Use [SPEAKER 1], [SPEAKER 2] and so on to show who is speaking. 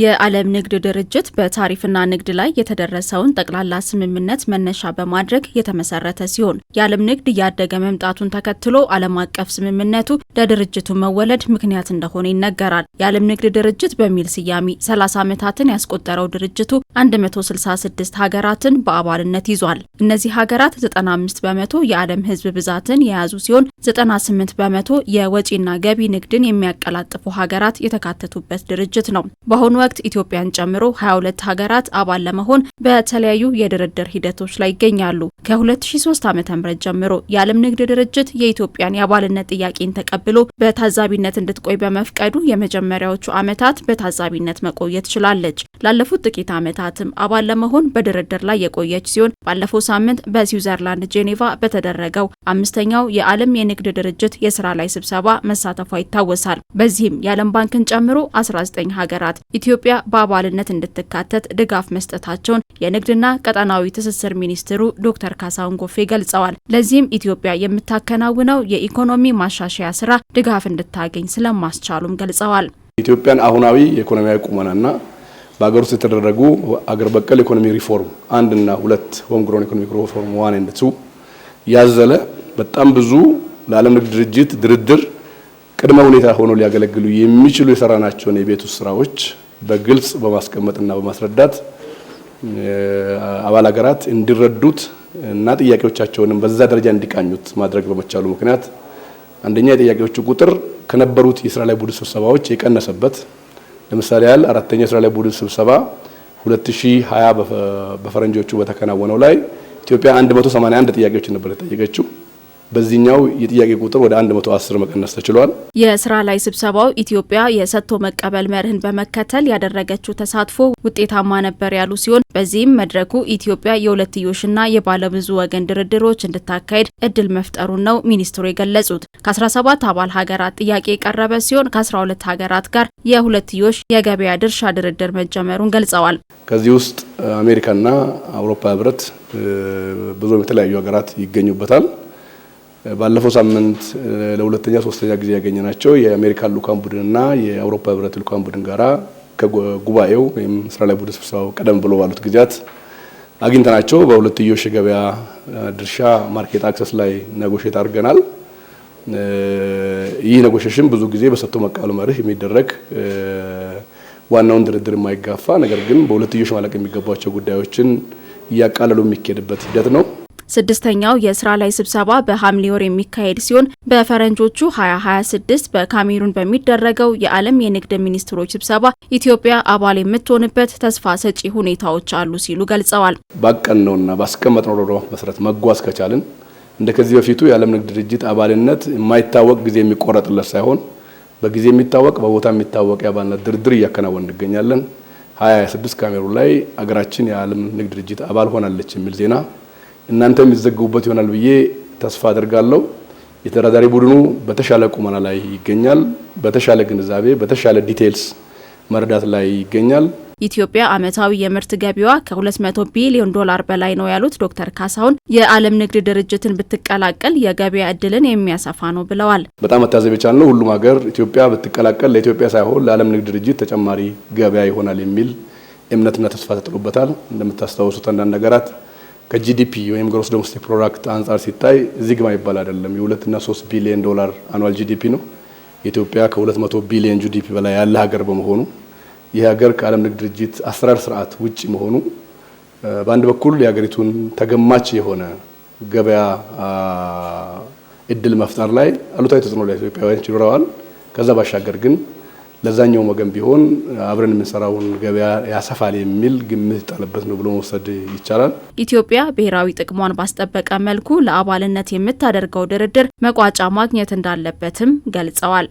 [SPEAKER 1] የዓለም ንግድ ድርጅት በታሪፍና ንግድ ላይ የተደረሰውን ጠቅላላ ስምምነት መነሻ በማድረግ የተመሰረተ ሲሆን የዓለም ንግድ እያደገ መምጣቱን ተከትሎ ዓለም አቀፍ ስምምነቱ ለድርጅቱ መወለድ ምክንያት እንደሆነ ይነገራል። የዓለም ንግድ ድርጅት በሚል ስያሜ 30 ዓመታትን ያስቆጠረው ድርጅቱ 166 ሀገራትን በአባልነት ይዟል። እነዚህ ሀገራት 95 በመቶ የዓለም ሕዝብ ብዛትን የያዙ ሲሆን 98 በመቶ የወጪና ገቢ ንግድን የሚያቀላጥፉ ሀገራት የተካተቱበት ድርጅት ነው። በአሁኑ ወቅት ኢትዮጵያን ጨምሮ 22 ሀገራት አባል ለመሆን በተለያዩ የድርድር ሂደቶች ላይ ይገኛሉ። ከ2003 ዓ.ም ጀምሮ የዓለም ንግድ ድርጅት የኢትዮጵያን የአባልነት ጥያቄን ተቀብ ተቀብሎ በታዛቢነት እንድትቆይ በመፍቀዱ የመጀመሪያዎቹ ዓመታት በታዛቢነት መቆየት ችላለች። ላለፉት ጥቂት ዓመታትም አባል ለመሆን በድርድር ላይ የቆየች ሲሆን ባለፈው ሳምንት በስዊዘርላንድ ጄኔቫ በተደረገው አምስተኛው የዓለም የንግድ ድርጅት የስራ ላይ ስብሰባ መሳተፏ ይታወሳል። በዚህም የዓለም ባንክን ጨምሮ 19 ሀገራት ኢትዮጵያ በአባልነት እንድትካተት ድጋፍ መስጠታቸውን የንግድና ቀጠናዊ ትስስር ሚኒስትሩ ዶክተር ካሳሁን ጎፌ ገልጸዋል። ለዚህም ኢትዮጵያ የምታከናውነው የኢኮኖሚ ማሻሻያ ስራ ስራ ድጋፍ እንድታገኝ ስለማስቻሉም ገልጸዋል።
[SPEAKER 2] ኢትዮጵያን አሁናዊ የኢኮኖሚያዊ ቁመናና በሀገር ውስጥ የተደረጉ አገር በቀል ኢኮኖሚ ሪፎርም አንድና ሁለት ሆም ኢኮኖሚ ሪፎርም ዋን ኤንድ ቱ ያዘለ በጣም ብዙ ለዓለም ንግድ ድርጅት ድርድር ቅድመ ሁኔታ ሆኖ ሊያገለግሉ የሚችሉ የሰራናቸውን የቤት ውስጥ ስራዎች በግልጽ በማስቀመጥና በማስረዳት አባል ሀገራት እንዲረዱት እና ጥያቄዎቻቸውንም በዛ ደረጃ እንዲቃኙት ማድረግ በመቻሉ ምክንያት አንደኛ የጥያቄዎቹ ቁጥር ከነበሩት የስራ ላይ ቡድን ስብሰባዎች የቀነሰበት ለምሳሌ ያህል አራተኛ የእስራኤል ቡድን ስብሰባ 2020 በፈረንጆቹ በተከናወነው ላይ ኢትዮጵያ 181 ጥያቄዎች ነበር የጠየቀችው። በዚህኛው የጥያቄ ቁጥር ወደ 110 መቀነስ ተችሏል።
[SPEAKER 1] የስራ ላይ ስብሰባው ኢትዮጵያ የሰጥቶ መቀበል መርህን በመከተል ያደረገችው ተሳትፎ ውጤታማ ነበር ያሉ ሲሆን በዚህም መድረኩ ኢትዮጵያ የሁለትዮሽና የባለብዙ ወገን ድርድሮች እንድታካሄድ እድል መፍጠሩን ነው ሚኒስትሩ የገለጹት። ከ17 አባል ሀገራት ጥያቄ የቀረበ ሲሆን ከ12 ሀገራት ጋር የሁለትዮሽ የገበያ ድርሻ ድርድር መጀመሩን ገልጸዋል።
[SPEAKER 2] ከዚህ ውስጥ አሜሪካና አውሮፓ ህብረት ብዙም የተለያዩ ሀገራት ይገኙበታል። ባለፈው ሳምንት ለሁለተኛ ሶስተኛ ጊዜ ያገኘ ናቸው። የአሜሪካን ልዑካን ቡድንና የአውሮፓ ህብረት ሉካን ቡድን ጋራ ከጉባኤው ወይም ስራ ላይ ቡድን ስብሰባው ቀደም ብሎ ባሉት ጊዜያት አግኝተ ናቸው በሁለትዮሽ የገበያ ድርሻ ማርኬት አክሰስ ላይ ነጎሼት አድርገናል። ይህ ነጎሼሽን ብዙ ጊዜ በሰጥቶ መቀበል መርህ የሚደረግ ዋናውን ድርድር የማይጋፋ ነገር ግን በሁለትዮሽ ማለቅ የሚገባቸው ጉዳዮችን እያቃለሉ የሚካሄድበት ሂደት ነው።
[SPEAKER 1] ስድስተኛው የስራ ላይ ስብሰባ በሐምሌ ወር የሚካሄድ ሲሆን በፈረንጆቹ 2026 በካሜሩን በሚደረገው የዓለም የንግድ ሚኒስትሮች ስብሰባ ኢትዮጵያ አባል የምትሆንበት ተስፋ ሰጪ ሁኔታዎች አሉ ሲሉ ገልጸዋል።
[SPEAKER 2] ባቀን ነውና ባስቀመጥነው ሮድማፕ መሰረት መጓዝ ከቻልን እንደ ከዚህ በፊቱ የዓለም ንግድ ድርጅት አባልነት የማይታወቅ ጊዜ የሚቆረጥለት ሳይሆን በጊዜ የሚታወቅ በቦታ የሚታወቅ የአባልነት ድርድር እያከናወን እንገኛለን። 2026 ካሜሩን ላይ አገራችን የዓለም ንግድ ድርጅት አባል ሆናለች የሚል ዜና እናንተ የሚዘገቡበት ይሆናል ብዬ ተስፋ አደርጋለሁ። የተደራዳሪ ቡድኑ በተሻለ ቁመና ላይ ይገኛል። በተሻለ ግንዛቤ፣ በተሻለ ዲቴይልስ መረዳት ላይ ይገኛል።
[SPEAKER 1] ኢትዮጵያ ዓመታዊ የምርት ገቢዋ ከ200 ቢሊዮን ዶላር በላይ ነው ያሉት ዶክተር ካሳሁን የዓለም ንግድ ድርጅትን ብትቀላቀል የገበያ እድልን የሚያሰፋ ነው ብለዋል።
[SPEAKER 2] በጣም መታዘብ የቻልነው ሁሉም ሀገር ኢትዮጵያ ብትቀላቀል ለኢትዮጵያ ሳይሆን ለዓለም ንግድ ድርጅት ተጨማሪ ገበያ ይሆናል የሚል እምነትና ተስፋ ተጥሎበታል። እንደምታስታውሱት አንዳንድ ነገራት። ከጂዲፒ ወይም ግሮስ ዶሜስቲክ ፕሮዳክት አንጻር ሲታይ ዝግ ማይባል አይደለም። የሁለትና ሶስት ቢሊዮን ዶላር አኗል ጂዲፒ ነው። ኢትዮጵያ ከ200 ቢሊዮን ጂዲፒ በላይ ያለ ሀገር በመሆኑ ይህ ሀገር ከዓለም ንግድ ድርጅት አሰራር ስርዓት ውጭ መሆኑ በአንድ በኩል የሀገሪቱን ተገማች የሆነ ገበያ እድል መፍጠር ላይ አሉታዊ ተጽዕኖ ላይ ኢትዮጵያውያን ይኖረዋል። ከዛ ባሻገር ግን ለዛኛው ወገን ቢሆን አብረን የምንሰራውን ገበያ ያሰፋል የሚል ግምት ጣለበት ነው ብሎ መውሰድ ይቻላል።
[SPEAKER 1] ኢትዮጵያ ብሔራዊ ጥቅሟን ባስጠበቀ መልኩ ለአባልነት የምታደርገው ድርድር መቋጫ ማግኘት እንዳለበትም ገልጸዋል።